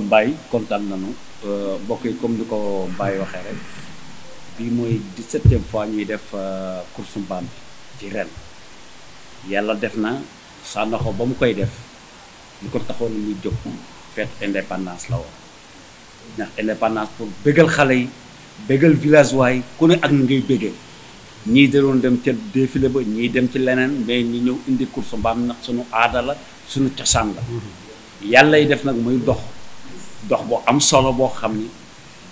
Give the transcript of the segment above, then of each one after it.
alors Baye kontaan nañu euh, mbokk comme nu ko Baye waxee rek bii mooy di e fois ñuy def euh, course mbaam bi ci ren yàlla def na Sanokho ba mu koy def li ko taxoon muy jóg fête indépendance la woon ndax indépendance pour bégal xale yi bégal villageois yi ku ne ak ni ngay bégee ñii da dem ca défilé ba ñii dem ci leneen mais ñu ñëw indi course mbaam nag suñu aadala la suñu cosaan la mm-hmm. yàlla def nag muy dox dox boo am solo boo xam ni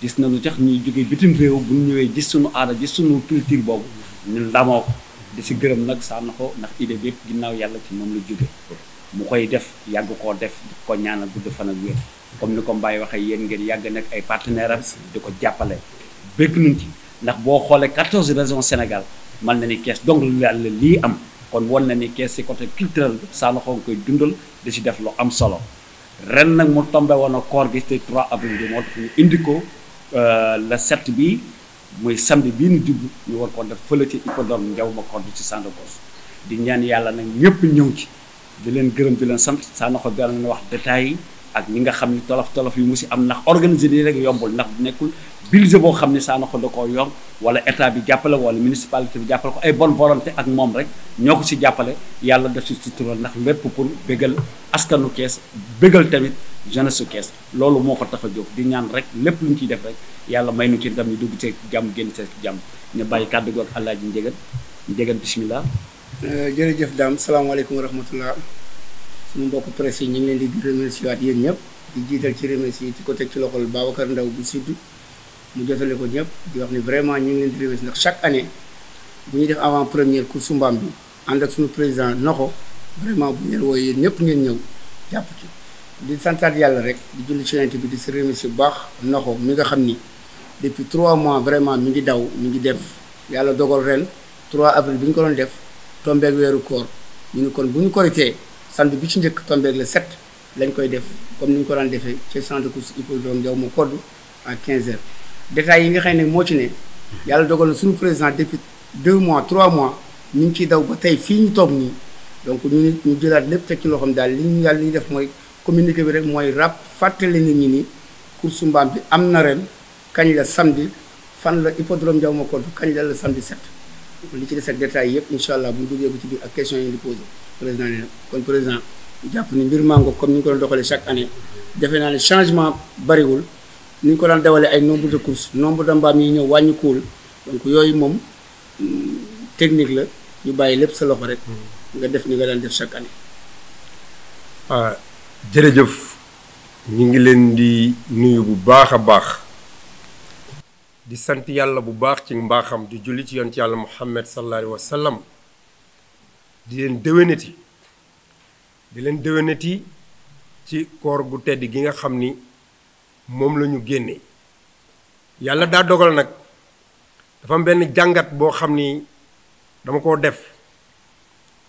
gis nañu tax ñuy jógee bitim réew bu ñëwee gis suñu aada gis suñu culture boobu ñun ndamoo ko di si gërëm nag sànn ko ndax idée bi yëpp ginnaaw yàlla ci moom la jóge mu koy def yàgg koo def di ko ñaanal gudd fan ak wér comme ni ko Mbaye waxee yéen ngeen yàgg nekk ay partenaire am di ko jàppale bëgg nañ ci ndax boo xoolee 14 régions Sénégal mën na ni kees donc lu yàlla lii am kon won na ni kees si côté culturel bi Sanokho dundal di si def lu am solo ren nag mu tombé woon a koor gi te 3 avril bi moo tax ñu indi ko euh, le 7 bi muy samedi bii nu jublu ñu war ko def fële ci hippodrome Ndiaw Macodou ci Sandakos di ñaan yàlla nag ñëpp ñëw ci di leen gërëm di leen sant Sanokho dana leen wax détails yi ak ñi nga xam ni tolof tolof yi mu si am ndax organiser yi rek yombul ndax nekkul budget boo xam ne Sanokh da koo yor wala état bi jàppale wala municipalité bi jàppale ko ay bonne volonté ak moom rek ñoo ko si jàppale yàlla def si sutura ndax lépp pour bégal askanu kees bégal tamit jeunesse su kees loolu moo ko tax a jóg di ñaan rek lépp lu ñu ciy def rek yàlla may nu ci ndam ñu dugg ci jàmm génn ci jàmm ñu bàyyi kàddu goog Alaaji Njëgal Njëgal bisimilah. Euh, jërëjëf daam salaamaaleykum wa rahmatullah suñu mbokk presse yi ñu ngi leen di remercier waat yéen ñëpp di jiital ci remercier ci côté ci loxol Babacar Ndaw bu Sud. mu jotale ko ñëpp di wax ni vraiment ñu ngi leen di remercier ndax chaque année bu ñuy def avant première course mbaam bi ànd ak suñu président Nokho vraiment bu ñu wooyee ñëpp ngeen ñëw jàpp ci di santaat yàlla rek di julli ci bi di si remercier bu baax Nokho mi nga xam ni depuis 3 mois vraiment mi ngi daw mi ngi def yàlla dogal ren 3 avril bi ñu ko doon def tombeeg weeru koor ñu ni kon bu ñu koy koritee samedi bi ci njëkk tombeeg le 7 lañ koy def comme ni ñu ko daan defee ci centre de course hippodrome Diaw ma kodd à quinze heures détails yi nga xay ne moo ci ne yàlla dogal na suñu président depuis deux mois trois mois ñu ngi ciy daw ba tey fii ñu toog nii donc ñu ñu jëlaat lépp teg ci loxoom daal li ñu yàlla li ñu def mooy communiqué bi rek mooy rap fàttali nit ñi ni course mbaam bi am na ren kañ la samedi fan la hippodrome Diaw Makoto kañ la la samedi set li ci des ak détails yëpp incha allah bu ñu duggee ci biir ak question yi ñu di posé président ne kon président jàpp ni mbir mango comme ni ñu ko doon chaque année defe naa ne changement bariwul. ni ñu ko daan dawalee ay nombre de courses de mbaam yi ñëw wàññikuwul donc yooyu moom mm, technique la ñu bàyyi lépp sa loxo rek. Mm. nga def ni nga daan def chaque année. ah jërëjëf ñu ngi leen di nuyu bu baax a baax. di sant yàlla bu baax ci mbaaxam di julli ci yonent yàlla Muhammad sallallahu alayhi wa sallam di leen déwénati di leen déwénati ci koor gu tedd gi nga xam ni. moom la ñu génnee yàlla daa dogal nag dafa am benn jàngat boo xam ni dama koo def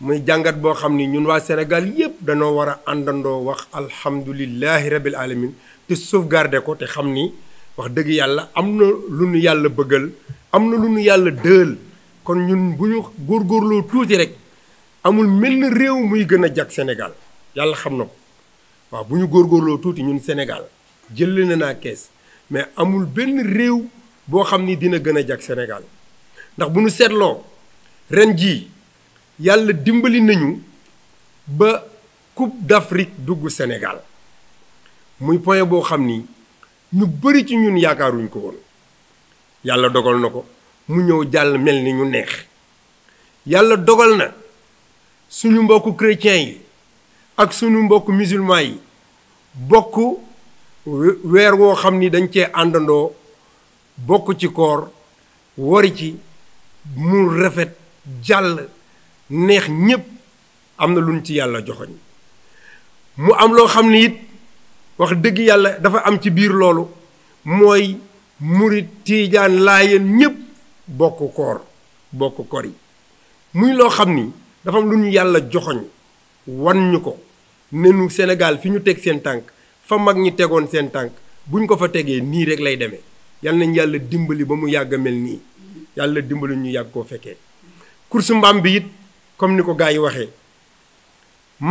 muy jàngat boo xam ni ñun waa senegal yépp dañoo war a àndandoo wax alhamdulillahi rabbil alamin te sauvegarder ko te xam ni wax dëgg yàlla am na lu nu yàlla bëggal am na lu nu yàlla dëël kon ñun bu ñu góorgóorloo tuuti rek amul mel réew muy gën a jag senegal yàlla xam na ko waaw bu ñu góor góorgóorloo tuuti ñun senegal jël na naa kees mais amul benn réew boo xam ni dina gën a jag Sénégal ndax bu nu seetloo ren jii yàlla dimbali nañu ba coupe d'Afrique dugg Sénégal muy point boo xam ni ñu bari ci ñun yaakaaruñ ko woon yàlla dogal na ko mu ñëw jàll mel ni ñu neex yàlla dogal na suñu mbokk chrétiens yi ak suñu mbokk musulman yi bokk weer woo xam ni dañ cee àndandoo bokk ci koor wari ci mu rafet jàll neex ñépp am na luñ ci yàlla joxoñ mu am loo xam ni it wax dëgg yàlla dafa am ci biir loolu mooy murit tiijaan laayeen ñépp bokk koor bokk koor yi muy loo xam ni dafa am lu ñu yàlla joxoñ wan ñu ko ne nu Sénégal fi ñu teg seen tànk fa mag ñi tegoon seen tànk buñ ko fa tegee nii rek lay demee yal nañ yàlla dimbali ba mu yàgg mel nii yàlla dimbali ñu yàgg koo fekkee course mbaam bi it comme ni ko gaa yi waxee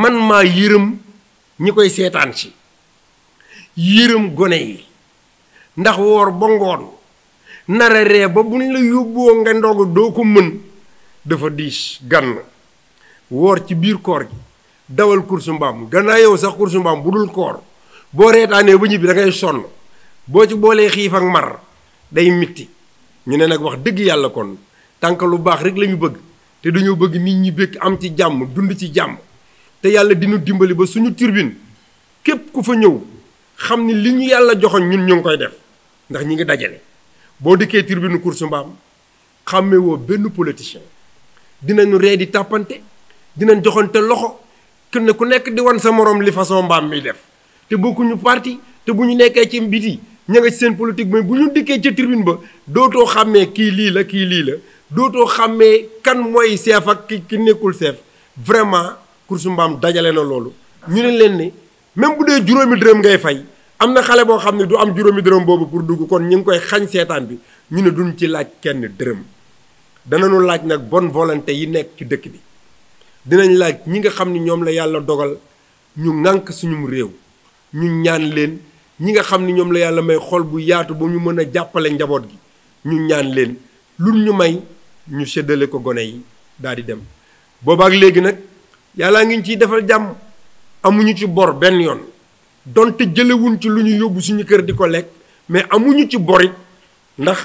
man maa yërëm ñi koy seetaan si yërëm gone yi ndax woor ba ngoon nara ree ba buñ la yóbboo nga ndog doo ko mën dafa diis gànn woor ci biir koor gi dawal course mbaam gannaa yow sax course mbaam bu dul koor boo reetaanee ba ñibbi da ngay sonn boo ci boolee xiif ak mar day mitti ñu ne nag wax dëgg yàlla kon tànk lu baax rek la ñu bëgg te duñu bëgg nit ñi bëgg am ci jàmm dund ci jàmm te yàlla dinu dimbali ba suñu turbine képp ku fa ñëw xam ni li ñu yàlla joxoon ñun ñu ngi koy def ndax ñi ngi dajale boo dikkee turbine course mbaam xàmme woo benn politicien dinañu ree di tàppante dinañ te loxo kenn ku nekk di wan sa morom li façon mbaam mi def te bokkuñu parti te bu ñu nekkee ci mbiti ña nga ci seen politique mais bu ñu dikkee ca tribune ba dootoo xàmmee kii lii la kii lii la dootoo xàmmee kan mooy chef ak ki nekkul chef vraiment kursu Mbaam dajale na loolu. ñu ne leen ni même bu dee juróomi dërëm ngay fay am na xale boo xam ne du am juróomi dërëm boobu pour dugg kon ñu ngi koy xañ seetaan bi ñu ne duñ ci laaj kenn dërëm danañu laaj nag bon volonté yi nekk ci dëkk bi dinañ laaj ñi nga xam ne ñoom la yàlla dogal ñu ŋànk suñum réew. ñu ñaan leen ñi nga xam ni ñoom la yàlla may xol bu yaatu ba ñu mën a jàppale njaboot gi ñu ñaan leen lu ñu may ñu séddale ko gone yi daal di dem boobaak léegi nag yàllaa ngi ciy defal jàmm amuñu ci bor benn yoon donte jëlewuñ ci lu ñu yóbbu suñu kër di ko lekk mais amuñu ci borit ndax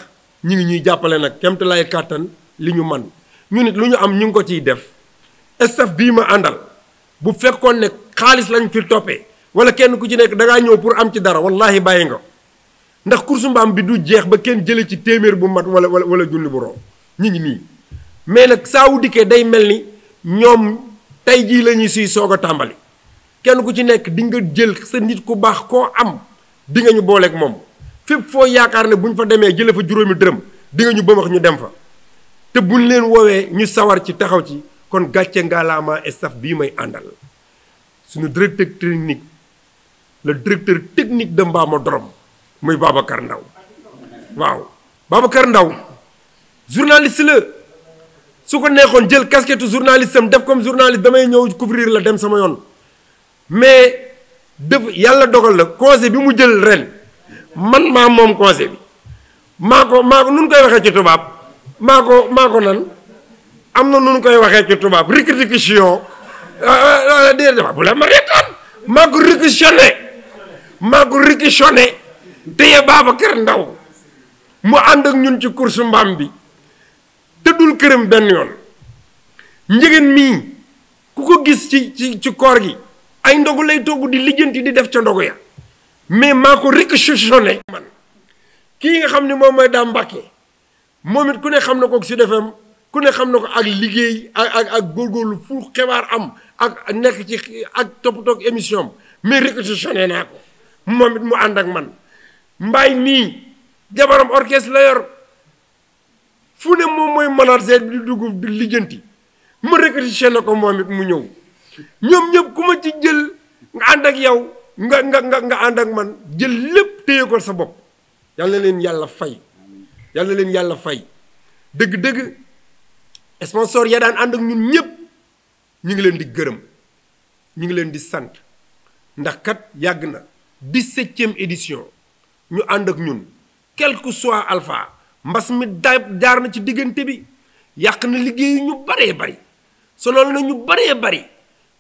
ñu ngi ñuy jàppale nag kemtalaay kàttan li ñu man ñu nit lu ñu am ñu ngi ko ciy def staff bii ma àndal bu fekkoon ne xaalis lañ fi toppee wala kenn ku ci nekk da ñëw pour am ci dara wallahi bàyyi nga ndax kursu mbaam bi du jeex ba kenn jële ci téeméer bu mat wala wala wala junni bu romb ñu ngi nii mais nag saa wu dikkee day mel ni ñoom tey jii la ñuy siy soog a tàmbali kenn ku ci nekk di nga jël sa nit ku baax koo am di nga ñu booleek moom fépp foo yaakaar ne bu ñu fa demee jële fa juróomi dërëm di nga ñu bëmax ñu dem fa te buñ leen woowee ñu sawar ci taxaw ci kon gàcce ngalaama staff bii may àndal suñu directeur technique le directeur technique de Mbamodrom muy kar Ndaw waaw Babacar Ndaw journaliste la su ko neexoon jël casquette journaliste am def comme journaliste damay ñëw couvrir la dem sama yoon mais def yàlla dogal la conseil bi mu jël ren man maa moom conseil bi maa ko maa ko nu koy waxee ci tubaab maa ko maa ko nan am na nu koy waxee ci tubaab récréation ah, ah, ah, déedéet bu la ma reetaan maa ko récréationné maa ko rikichonné téye Babacar Ndaw mu ànd ak ñun ci course mbaam bi te dul këram benn yoon njëgeen mii ku ko gis ci ci ci koor gi ay ndogu lay togg di lijjanti di def ca ndogu ya mais maa ko rikichonné man kii nga xam ni moom mooy daa Mbàkke moom it ku ne xam na kook si defem ku ne xam na ko ak liggéey ak ak ak góorgóorlu fu xibaar am ak nekk ci ak toppatoo ak émission am mais rikichonné naa ko moom it mu ànd ak man mbaay mii jabaram orchestre layor fu ne moom mooy manager bi di dugg di lijjanti ma réquisitionné na ko moom it mu ñëw ñoom ñëpp ku ma ci jël nga ànd ak yow nga nga nga nga ànd ak man jël lépp téye ko sa bopp yàlla leen yàlla fay yàlla leen yàlla fay dëgg-dëgg sponsor ya daan ànd ak ñun ñëpp ñu ngi leen di gërëm ñu ngi leen di sant ndax kat yàgg na dix-septième édition ñu ànd ak ñun quel que soit alpha mbas mi da jaar na ci diggante bi yàq na liggéey ñu baree bari sonal na ñu baree bari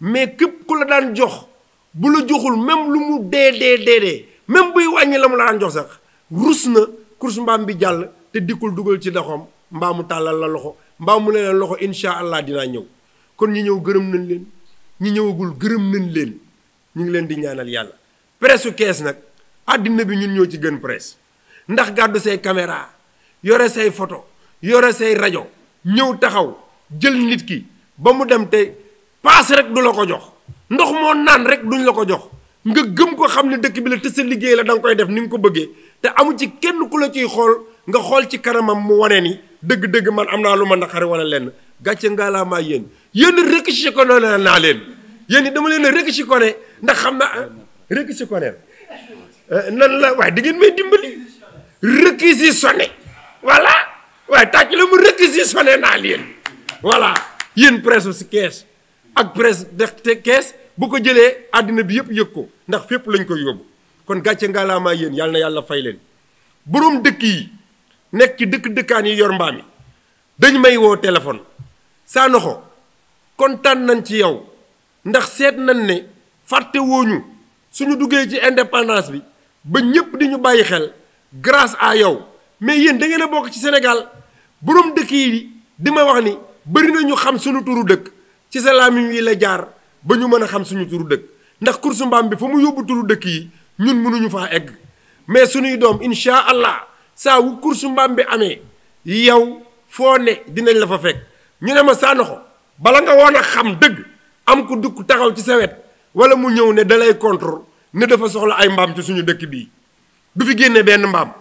mais képp ku la daan jox bu la joxul même lu mu dee dee dee dee même buy wàññi la mu la daan jox sax rus na course mbaam bi jàll te dikkul dugal ci doxam mbaamu tàllal la loxo mbaamu la leen loxo incha allah dinaa ñëw kon ñi ñëw gërëm nañ leen ñi ñëwagul gërëm nañ leen ñu ngi leen di ñaanal yàlla presse su kees nag àddina bi ñun ñoo ci gën presse ndax gàddu say caméra yore say photo yore say rajo ñëw taxaw jël nit ki ba mu dem te paas rek du la ko jox ndox moo naan rek duñ la ko jox nga gëm ko xam ne dëkk bi la te sa liggéey la da nga koy def ni nga ko bëggee te amu ci kenn ku la ciy xool nga xool ci kanamam mu wane ni dëgg-dëgg man am naa lu ma naqari wala lenn gàcce nga laa maa yéen yéen rékk ci ko naa leen yéen dama leen rékk ci ko ne ndax xam réquisitionnaire euh, nan la waaye da may dimbali réquisitionné voilà waaye tàcc la mu réquisitionné naa leen voilà yéen presse si kees ak presse def te kees bu ko jëlee àddina bi yëpp yëg ko ndax fépp lañ koy yóbbu kon gàcce ngaalaamaa yéen yàlla na yàlla fay leen boroom dëkk yi nekk ci dëkk dëkkaan yi yor mbaam yi dañ may woo téléphone Sanokho kontaan nañ ci yow ndax seet nañ ne fàtte wooñu suñu duggee ci indépendance bi ba ñëpp di ñu bàyyi xel grace à yow mais yéen da ngeen bokk ci Sénégal borom dëkk yi di ma wax ni bëri na ñu xam suñu turu dëkk ci sa làmmiñ yi la jaar ba ñu mën a xam suñu turu dëkk ndax kursu mbaam bi fa mu yóbbu turu dëkk yi ñun mënuñu faa egg mais suñuy doom incha allah saa wu kursu mbaam bi amee yow foo ne dinañ la fa fekk ñu ne ma Sanokho bala nga woon a xam dëgg am ku dugg taxaw ci sa wet wala mu ñëw ne dalay contre ne dafa soxla ay mbaam ci suñu dëkk bii du fi génne benn mbaam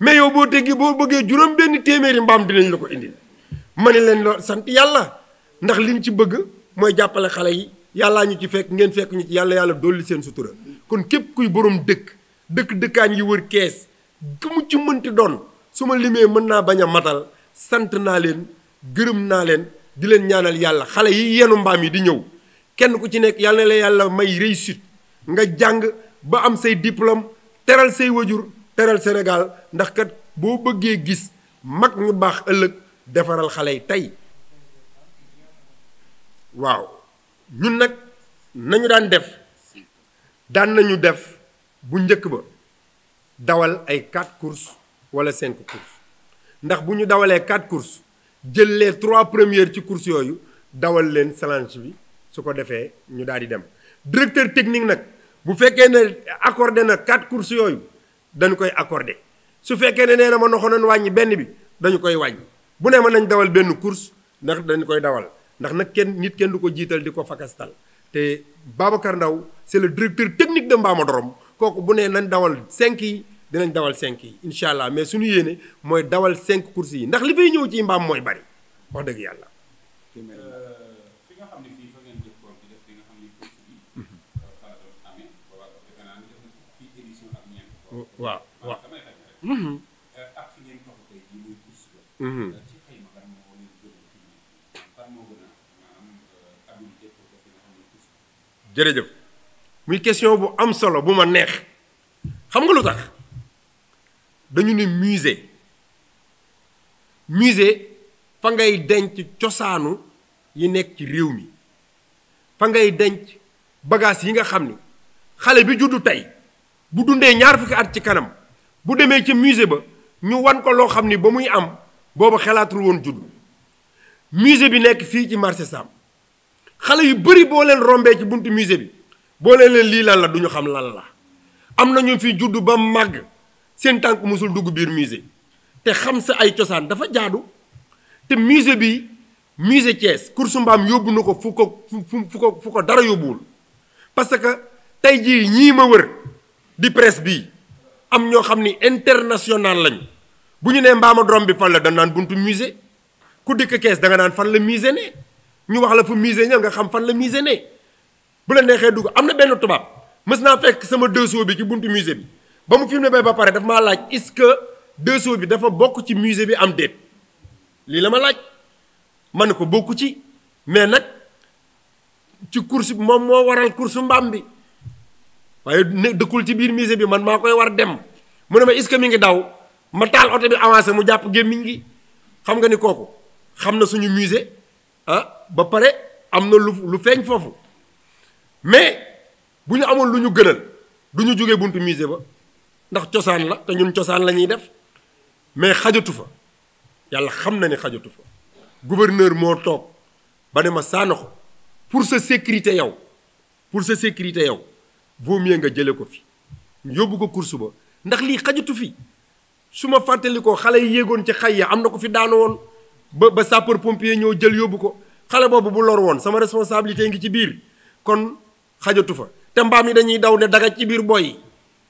mais yow boo teggi boo bëggee juróom benn téeméeri mbaam di dinañ la ko indil ma ne leen lool sant yàlla ndax li liñ ci bëgg mooy jàppale xale yi yàllaa ñu ci fekk ngeen fekk ñu ci yàlla yàlla dolli seen sutura kon képp kuy borom dëkk dëkk dëkkaañ yi wër kees ku mu ci mënti doon su ma limee mën naa bañ a matal sant naa leen gërëm naa leen di leen ñaanal yàlla xale yi yenu mbaam yi di ñëw kenn ku ci nekk yàlla la yàlla may réussite nga jàng ba am say diplôme teral say wajur teral Sénégal ndax kat boo bëggee gis mag ñu baax ëllëg defaral xale yi tey waaw ñun nag nañu daan def daan nañu def bu njëkk ba dawal ay quatre courses wala cinq courses ndax bu ñu dawalee quatre courses jël les trois premières ci courses yooyu dawal leen salange bi su ko defee ñu daal di dem directeur technique nag bu fekkee ne accordé na quatre course yooyu dañu koy accordé su fekkee ne nee na ma noxonoon wàññi benn bi dañu koy wàññi bu ne ma nañ dawal benn course ndax dañu koy dawal ndax nag kenn nit kenn du ko jiital di ko fakastal te Babacar Ndaw c'est le directeur technique de Mbama Dorom kooku bu nee nañ dawal cinq yi dinañ dawal cinq yi incha allah mais suñu yéene mooy dawal cinq courses yi ndax li fay ñëw ci mbaam mooy bari wax dëgg yàlla waaw waaw. Mm-hmm. Mm-hmm. jërëjëf muy question bu am solo bu ma neex xam nga lu tax dañu ne musée musée fa ngay denc cosaanu yi nekk ci réew mi fa ngay denc bagage yi nga xam ni xale bi juddu tey. bu dundee ñaar fukki at ci kanam bu demee ci musée ba ñu wan ko loo xam ni ba muy am booba xalaatul woon judd musée bi nekk fii ci marché Sam xale yu bëri boo leen rombee ci buntu musée bi boo leen lii lan la duñu xam lan la am na ñu fi juddu ba màgg seen tànk mosul dugg biir musée te xam sa ay cosaan dafa jaadu te musée bi musée Thiès Course Mbaam yóbbu na ko fu ko fu fu ko dara yóbbuwul parce que tey jii ñii ma wër di presse bi am ñoo xam ni international lañu bu ñu nee mbaama dorom bi fan la da naan buntu musée ku dikk kees danga nga naan fan la musée ne ñu wax la fu musée ña nga xam fan la musée ne bu la neexee dugg am na benn tubaab mës naa fekk sama dessous bi ci buntu musée bi ba mu filmé bay ba pare daf maa laaj est-ce que dessous bi dafa bokk ci musée bi am déet lii la ma laaj ma ne ko bokku ci mais nag ci course bi moom moo waral course mbaam bi waaye ne dëkkul ci biir musée bi man maa koy war dem mu ne ma est-ce que mi ngi daw ma taal oto bi avancé mu jàpp gémmiñ gi xam nga ni kooku xam na suñu musée ah ba pare am na lu lu feeñ foofu mais bu ñu amoon lu ñu gënal du ñu jógee buntu musée ba ndax cosaan la te ñun cosaan la ñuy def mais xajatu fa yàlla xam na ni xajatu fa gouverneur moo toog ba ne ma saana ko pour sa sécurité yow pour sa sécurité yow vaut mieux nga jëlee ko fi yóbbu ko course ba ndax lii xajatu fi su ma fàttali ko xale yi yéegoon ci xay ya am na ko fi daanu woon ba ba sapeur pompier ñëw jël yóbbu ko xale boobu bu lor woon sama responsabilité ngi ci biir kon xajatu fa te mbaam yi dañuy daw ne daga ci biir boy yi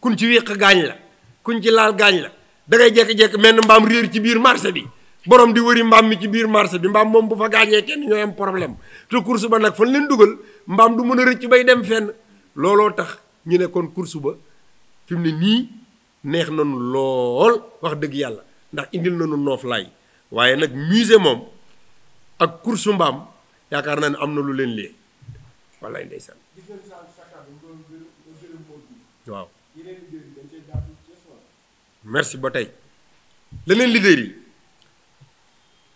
kuñ ci wéq gaañ la kuñ ci laal gaañ la dangay jekk-jekk mel ne mbaam réer ci biir marché bi borom di wëri mbaam mi ci biir marché bi mbaam moom bu fa gaañee kenn ñooy am problème te course ba nag fan leen dugal mbaam du mën a rëcc bay dem fenn looloo tax ñu ne kon course ba fi mu ne nii neex nañu lool wax dëgg yàlla ndax indil nañu noof waaye nag musée moom ak course mbaam yaakaar naa ne am na lu leen lee wallaay ndeysaan waaw merci ba tey leneen leader yi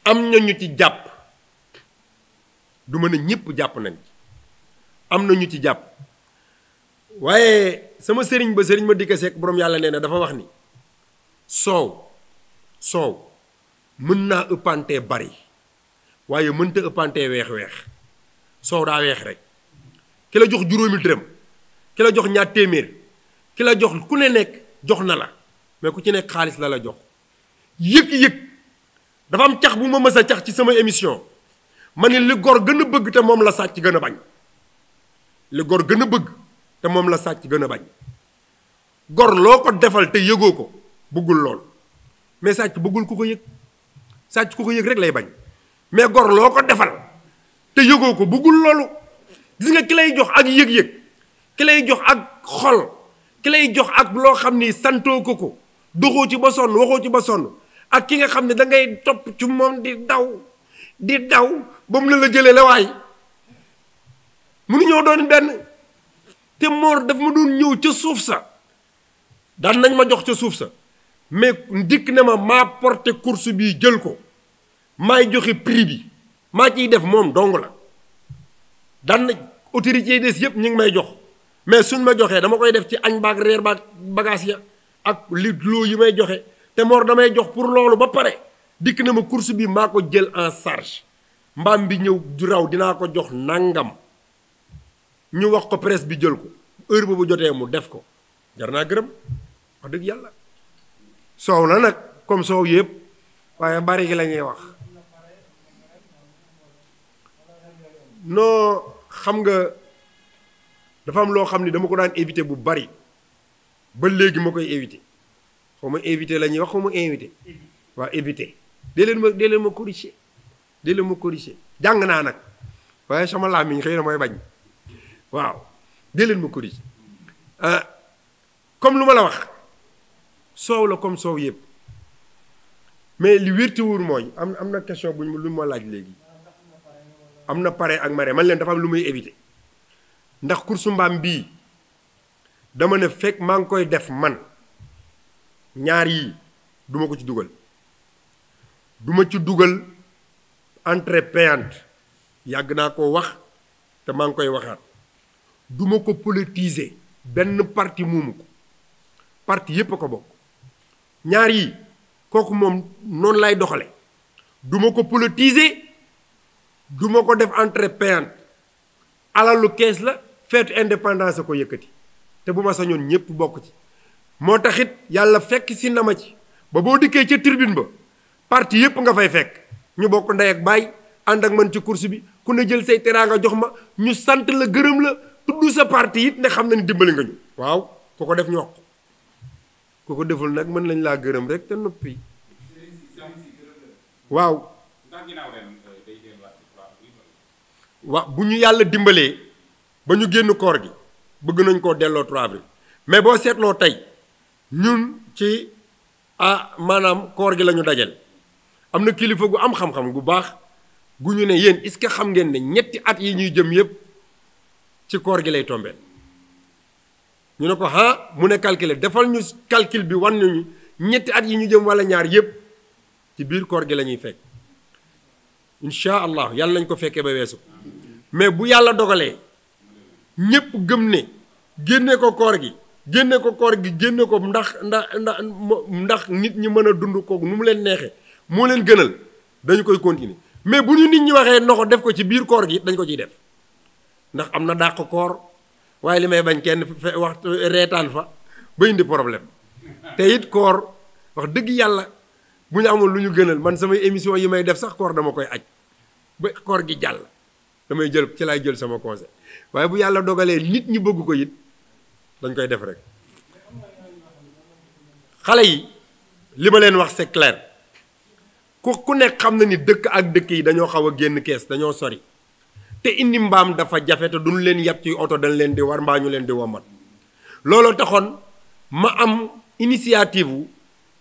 am na ñu ci jàpp du mën a ñëpp jàpp nañ am na ñu ci jàpp waaye sama sëriñ ba sëriñ ma dikk sekk borom yàlla nee na dafa wax ni soow soow mën naa ëppante bari waaye mënta ëppante weex-weex soow daa weex rek ki la jox juróomi dërëm ki la jox ñaar téeméer ki la jox ku ne nekk jox na la mais ku ci nekk xaalis la la jox yëg-yëg dafa am cax bu ma mës a cax ci sama émission ma ne li gor gën a bëgg te moom la sàcc gën a bañ li gor gën a bëgg te moom la sàcc gën a bañ gor loo ko defal te yëgoo ko bëggul lool mais sàcc bëggul ku ko yëg sàcc ku ko yëg rek lay bañ mais gor loo ko defal te yëgoo ko bëggul loolu gis nga ki lay jox ak yëg-yëg ki lay jox ak xol ki lay jox ak loo xam ni santoo ko ko doxoo ci ba sonn waxoo ci ba sonn ak ki nga xam ne da ngay topp ci moom di daw di daw ba mu la la jëlee la waay mënuñoo doon benn te moor daf ma doon ñëw ca suuf sa daan nañ ma jox ca suuf sa mais dikk na ma maa porté course bii jël ko maay joxe prix bi maa ciy def moom dong la daan nañ autorité des yëpp ñu ngi may jox mais suñ ma joxee dama koy def ci añ baag reer baag bagage ya ak li loo yi may joxe te moor damay jox pour loolu ba pare dikk na ma course bi maa ko jël en charge mbaam bi ñëw du raw dinaa ko jox nangam ñu wax ko presse bi jël ko heure boobu jotee mu def ko jar naa gërëm wax dëgg yàlla soow na nag comme soow yëpp waaye bari gi la ñuy wax noo xam nga dafa am loo xam ni dama ko daan éviter bu bari ba léegi ma koy éviter xaw ma éviter la ñuy wax xaw ma invité waa éviter dee leen ma dee leen ma corriger dee leen ma corriger jàng naa nag waaye sama làmmiñ xëy na mooy bañ waaw dee leen ma corrigé euh, comme lu ma la wax soow la comme soow yëpp mais li wér te mooy am am na question bu lu ma laaj léegi am na pare ak mare man leen dafa am lu muy évité ndax course mbaam bii dama ne fekk maa ngi koy def man ñaar yi duma ko ci dugal duma ci dugal entrée payante yàgg naa ko wax te maa ngi koy waxaat duma ma ko politiser benn parti muumu ko parti yépp ko bokk ñaar yi kooku moom noonu lay doxale duma ko politiser du ma ko def entrée payante alalu kees la feetu indépendance a ko yëkkati te bu ma sañoon ñépp bokk ci moo taxit yàlla fekk si na ma ci ba boo dikkee ca tirbine ba parti yépp nga fay fekk ñu bokk ndey ak baay ànd ak man ci course bi ku ne jël say teraanga jox ma ñu sant la gërëm la tudd sa parti it ne xam na ni dimbali nga ñu waaw ku ko def ñu wax ku ko deful nag mën nañ laa gërëm rek te noppi waaw waaw bu ñu yàlla dimbalee ba ñu génn koor gi bëgg nañ koo delloo 3 avril mais boo seetloo tey ñun ci ah maanaam koor gi la ñu dajal am na kilifa gu am xam-xam gu baax gu ñu ne yéen est-ce que xam ngeen ne ñetti at yi ñuy jëm yépp ci koor gi lay tombeel ñu ne ko ah mu ne calculer defal ñu calcul bi wan nañu ñetti at yi ñu jëm wala ñaar yépp ci biir koor gi la ñuy fekk incha allah yàlla nañ ko fekkee ba weesu mais bu yàlla dogalee ñépp gëm ne génne ko koor gi génne ko koor gi génne ko ndax ndax ndax ndax nit ñi mën a dund kooku nu mu leen neexee moo leen gënal dañu koy continuer mais bu ñu nit ñi waxee noxo def ko ci biir koor gi dañ ko ciy def ndax am na dàq koor waaye li may bañ kenn fe wax reetaan fa ba indi problème te it koor wax dëgg yàlla bu ñu amoon lu ñu gënal man sama émission yi may def sax koor dama koy aj ba koor gi jàll damay jël ci laay jël sama conseil waaye bu yàlla dogalee nit ñi bëgg ko it dañ koy def rek xale yi li ma leen wax c'est clair ku ku nekk xam na ni dëkk ak dëkk yi dañoo xaw a génn kees dañoo sori te indi mbaam dafa jafe te duñ leen yàpp ci oto dañ leen di war mbaa ñu leen di womat looloo taxoon ma am initiative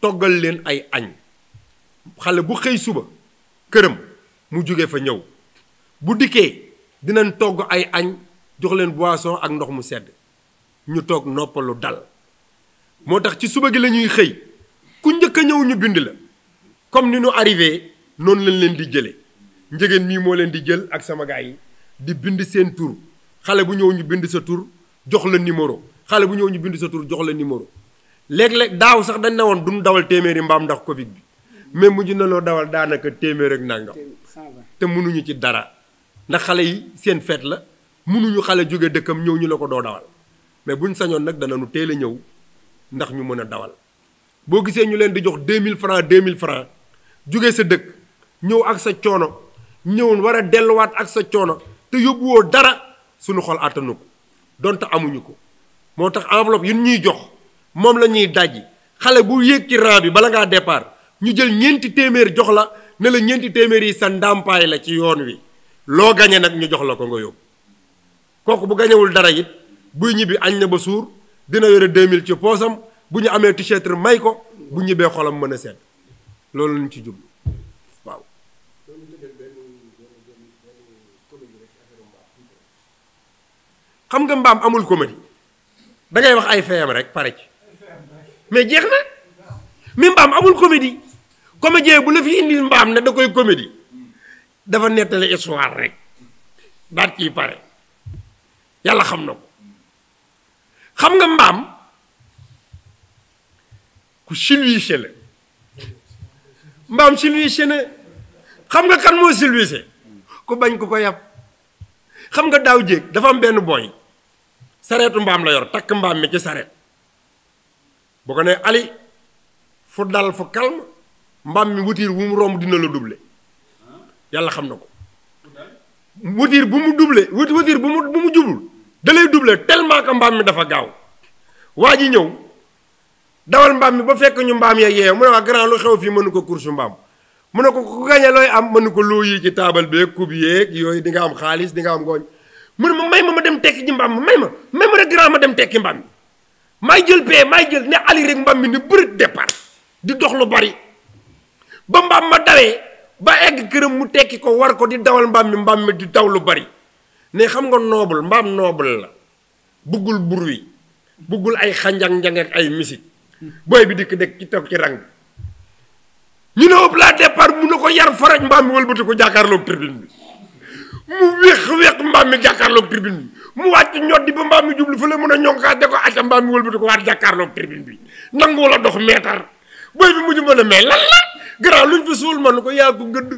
toggal leen ay añ xale bu xëy suba këram mu jóge fa ñëw bu dikkee dinañ togg ay añ jox leen boisson ak ndox mu sedd ñu toog noppalu dal moo tax ci suba gi la ñuy xëy ku njëkk ñëw ñu bind la comme ni ñu arrivé noonu lañ leen di jële njëgeen mii moo leen di jël ak sama gars yi di bind seen tour xale bu ñëw ñu bind sa tour jox la numéro xale bu ñëw ñu bind sa tur jox la numéro léeg-léeg daaw sax dañ ne woon duñ dawal téeméeri mbaam ndax Covid bi mais mujj na loo dawal daanaka téeméer ak nangam te mënuñu ci dara ndax xale yi seen feet la munuñu xale jóge dëkkam ñëw ñu la ko doo dawal mais buñ sañoon nag danañu teel a ñëw ndax ñu mën a dawal boo gisee ñu leen di jox 2000 francs mille francs jóge sa dëkk ñëw ak sa coono ñëwoon war a delluwaat ak sa coono te yóbbuwoo dara suñu xol àttanu ko donte amuñu ko moo tax enveloppe yu ñuy jox moom la ñuy dajji xale bu yéeg ci rang bi bala ngaa départ ñu jël ñeenti téeméer jox la ne la ñeenti téeméer yi sa ndàmpaay la ci yoon wi loo gañe nag ñu jox la ko nga yóbbu kooku bu gañewul dara it buy ñibbi añ na ba suur dina yore 2000 ci poosam bu ñu amee t-shirt may ko bu ñibbee xolam mën a seet loolu lañ ci jublu xam nga mbaam amul comédie da wax ay feeyam rek pare ci mais jeex na mi mbaam amul comédie comédien bu la fi indi mbaam ne da koy comédie dafa nettale histoire rek baat ciy pare yàlla xam na ko xam nga mbaam ku silwiise la mbaam silwiise xam nga kan moo silwiise ku bañ ku ko yàpp xam nga daaw jéeg dafa am benn boy sareetu mbaam la yor takk mbaam mi ci sareet bu ko ne ali fu dal fu calme mbaam mi wutiir bu mu romb dina la duble yàlla xam na ko wutiir bu mu duble wuti wutiir bu mu bu mu jublul da lay doublé tellement mbaam mi dafa gaaw waa ji ñëw dawal mbaam mi ba fekk ñu mbaam ya yeew mu ne waa grand lu xew fii mënu ko course mbaam mu ne ko ku gañe looy am mënu ko loo yi ci taabal beeg kub yeeg yooyu di nga am xaalis di nga am ngooñ mu ne ma may ma ma dem tekki ji mbaam mi may ma may ma rek grand ma dem tekki mbaam mi maay jël bee maay jël ne ali rek mbaam mi ne bëri départ di dox lu bari ba mbaam ma dawee ba egg këram mu tekki ko war ko di dawal mbaam mi mbaam mi di daw lu bari ne xam nga noobul mbaam noobul la buggul bruit buggul ay xanjang-njang ay musique booy bi dikk dëkk ci toog ci rang bi ñu ne ëpp laa départ mun na ko yar faraj mbaam mi wëlbati ko jàkkaarloog tribune bi mu wéex wéex mbaam mi jàkkaarloog tribune bi mu wàcc ñoddi ba mbaam mi jublu la mën a ñonkaat de ko acca mbaam mi wëlbati ko waat jàkkaarloog tribune bi nangu la dox meetar boy bi mujj mën a mais lan la grand luñ fa suul man ko yaa ko gëdd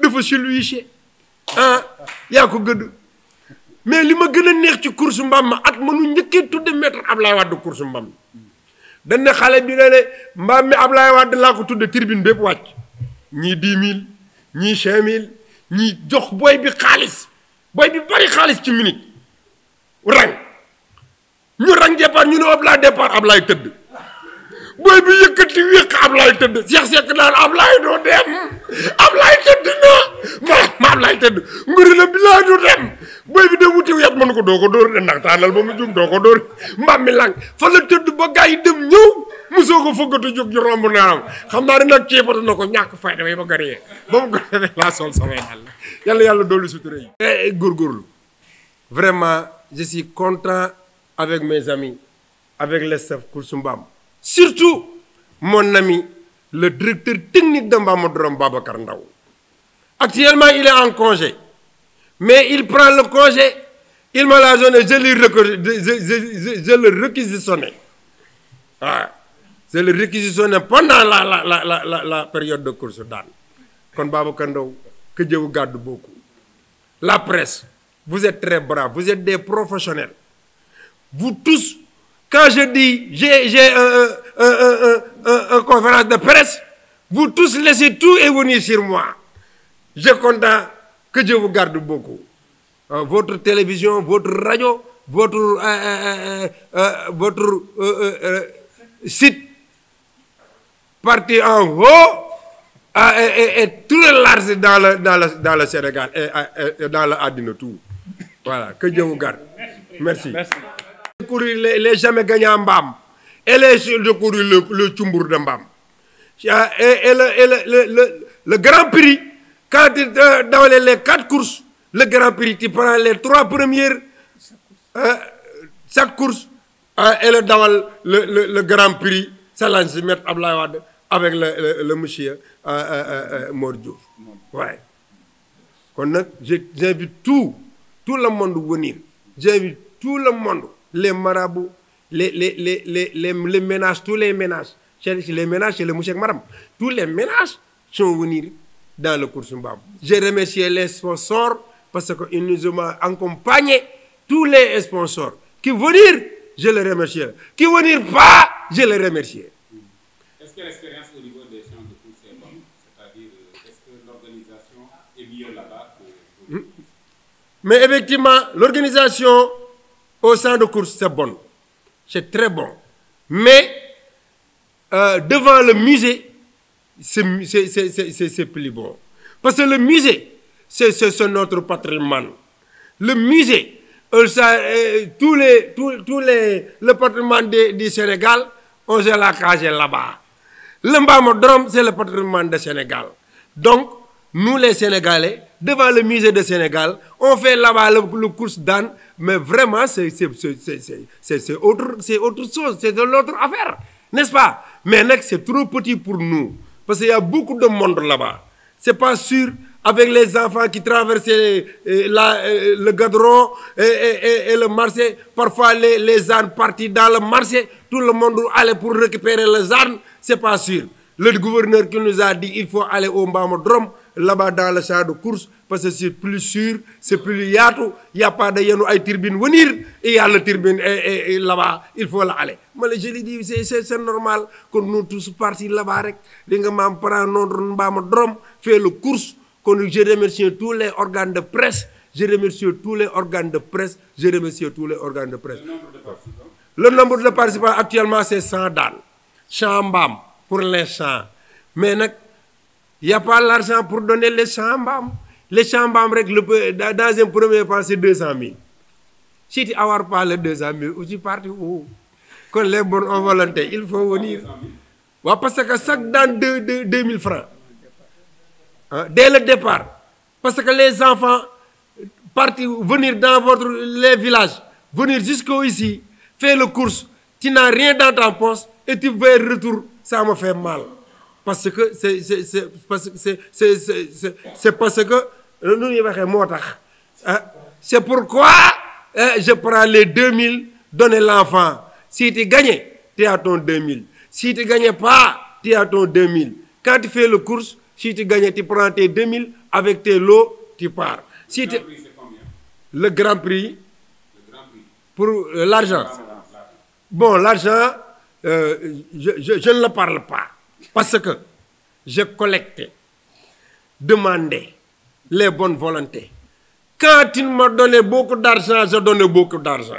dafa siluiche ah yaa ko gëdd mais li ma gën a neex ci course mbaam ma at mënu njëkkee tudde maître Ablaye Wade course mbaam dañ ne xale bi ne ne mbaam mi Ablaye Wade laa ko tudde tribune bépp wàcc ñii dix mille mille ñuy jox booy bi xaalis booy bi bari xaalis ci minute rang ñu rang départ ñu ne Ablaye départ Ablaye tëdd booy bi yëkkati wéq Ablaye tëdd Cheikh Cheikh naan Ablaye doo dem Ablaye tëdd na ma ma Ablaye tëdd nguri la bilaay doo dem booy bi wuti yat mënu ko doo ko dóor de ndax taanal ba mu jum doo ko dóor mbaam mi lang fa la tëdd ba gaa yi ñëw musoo ko foggatu jóg ju romb naanam xam naa ne nag ceebatu na ko ñàkk fay damay ba gërëyee ba mu gërëyee laa sol samay dàll yàlla yàlla dolli sutura yi. Eh, eh, vraiment je suis content avec mes amis avec le staff Koulsou surtout mon ami le directeur technique de Mbamodrom Babacar Ndaw actuellement il est en congé mais il prend le congé il me l'a donné je le réquisitionné ah. c'est le réquisitionné pendant la la la la la période de course daan kon Babacar Ndao ka jëwu gàddu bokku la presse vous êtes très brave vous êtes des professionnels vous tous quand je dis j'ai j'ai un conférence de presse vous tous laissez tout et venir sur moi je suis content que Dieu vous garde beaucoup euh, votre télévision votre radio votre euh, euh, site parti en haut et, tout le large dans le, dans Sénégal et, dans le Adino tout. Voilà, que Dieu vous garde. Merci. Merci. Il n'est jamais gagné en BAM. le courrier le, le de BAM. Ah, et, le, et le, le, le, Grand Prix, quand euh, dans les, les, quatre courses, le Grand Prix, tu prends les trois premières, euh, chaque course, ah, et le, dans le, le, le Grand Prix, ça lance mettre à avec le le, le monsieur euh, euh, euh, Mor Diouf waaye kon nag je j'invite tout tout le monde venir j'invite tout le monde les marabouts les les les les les les ménages tous les ménages c'est les ménages c'est le monsieur ak tous les ménages sont venus dans le Koursu Mbam je remercie les sponsors parce que ils nous ont accompagné tous les sponsors qui venir je les remercie qui venir pas je les remercie Mais effectivement, l'organisation au sein de course, c'est bon. C'est très bon. Mais euh, devant le musée, c'est plus bon. Parce que le musée, c'est notre patrimoine. Le musée, euh, ça, euh, tous les, tous, tous les, le patrimoine du Sénégal, on se l'a cagé là-bas. Le Mbamodrom, c'est le patrimoine du Sénégal. Donc, nous les Sénégalais, devant le musée de Sénégal on fait là-bas le, le course d'âne mais vraiment c'est c'est c'est c'est autre c'est autre chose c'est de l'autre affaire n'est-ce pas mais nag c'est trop petit pour nous parce que y a beaucoup de monde là c'est pas sur avec les enfants qui traversaient euh, euh, la euh, le Gadron et, et, le marché parfois les les ânes partis dans le marché tout le monde allait pour récupérer le ânes c'est pas sûr le gouverneur qui nous a dit il faut aller au drom là-bas dans le de course parce que c'est plus sûr c'est plus yaatu y a pas de yenu ay turbine venir et y a le turbine et là-bas il faut la aller ma la je lui dis c'est normal kon nous tous partis là-bas rek li nga maam prend notre mbaama drom fait le course kon je remercie tous les organes de presse je remercie tous les organes de presse je remercie tous les organes de presse le nombre de participants actuellement c'est 100 daal champ mbaam pour l'instant mais y' a pas l' argent pour donner les champs mbaam les champs mbaam rek le dans un premier temps c' est deux cent mille si tu avoir pas deux cent mille aussi parti où kon les bonnes ont volonté il faut venir waaw parce que chaque daan deux deux deux mille francs ah dès le départ parce que les enfants partir venir dans votre les villages venir jusqu'au ici faire le course tu n'as rien dans ta et tu veux retour ça me fait mal. parce que c'est c'est c'est parce que c'est c'est c'est c'est parce que lu ñuy waxee moo tax ah c'est pourquoi je prends les 2000 donner l'enfant si tu gagnes tu as ton mille si tu gagnes pas tu as ton 2000 quand tu fais le course si tu gagnes tu prends tes 2000 avec tes lots tu pars si tu le grand prix pour euh, l'argent bon l'argent euh, je je je ne le parle pas parce que j'ai collecté demandé les bonnes volontés quand il m'a donné beaucoup d'argent j'ai donné beaucoup d'argent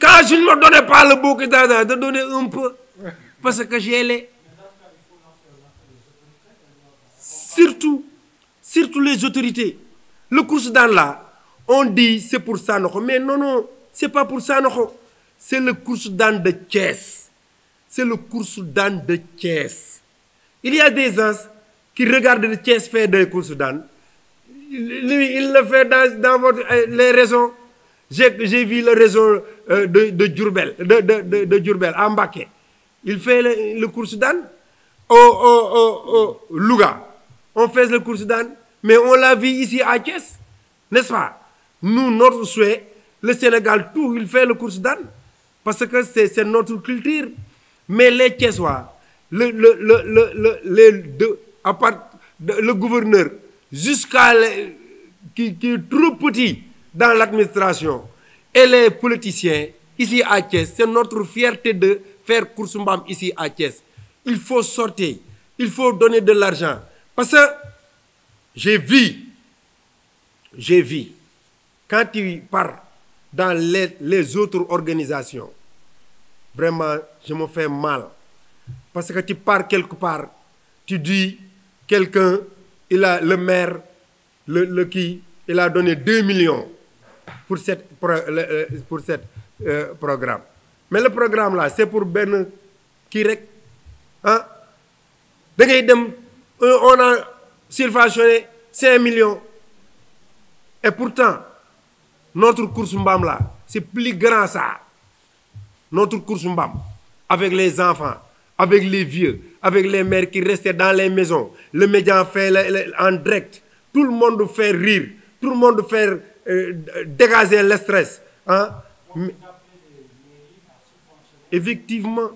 quand m'a donné pas le d'argent j'ai donné un peu parce que j'ai surtout surtout les autorités le course dans la on dit c'est pour Sanokho mais non non c'est pas pour Sanokho c'est le course dans de Thiès c'est le course dans de Thiès il y a des gens qui regardent Thiès faire des courses d'âne lui il le fait dans votre euh, les régions j'ai j'ai vu le réseau euh, de de Diourbel de de de de Diourbel à Mbacké il fait le, le course d'âne Louga on fait le course d'âne mais on l'a vu ici à Thiès n'est-ce pas nous notre souhait le Sénégal tout il fait le course d'âne parce que c'est c'est notre culture mais les Thiessois le le le le le les deux à part le gouverneur jusqu'à les qui qui est trop petit dans l'administration et les politiciens ici à Thiès c'est notre fierté de faire Course Mbam ici à Thiès il faut sortir il faut donner de l'argent parce que j'ai vu j'ai vu quand tu pars dans les les autres organisations vraiment je me fais mal Parce que tu pars quelque part, tu dis, quelqu'un, il a le maire, le, le, qui, il a donné 2 millions pour, cet pour, pour cet euh, programme. Mais le programme là, c'est pour Ben Kirek. Hein? Euh, on a subventionné 5 millions. Et pourtant, notre course Mbam là, c'est plus grand ça. Notre course Mbam, avec les enfants. avec les vieux, avec les mères qui restaient dans les maisons. Le média fait en direct. Tout le monde fait rire. Tout le monde fait euh, dégager le stress. Hein? Effectivement,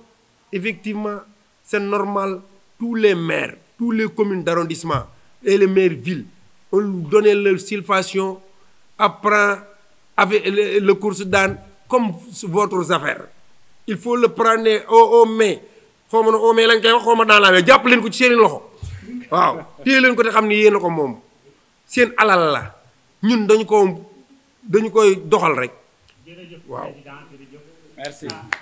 effectivement, c'est normal. Tous les maires, tous les communes d'arrondissement et les maires villes, on leur donnait leur silfation, apprend le, le cours d'âne comme votre affaire. Il faut le prendre au, au mains foo ma a oomee lañ koy wax xaw ma daalaawee jàpp leen ko ci seen loxo waaw téye leen ko te xam ni yéen a ko moom seen alal la ñun dañu ko dañu koy doxal rek waaw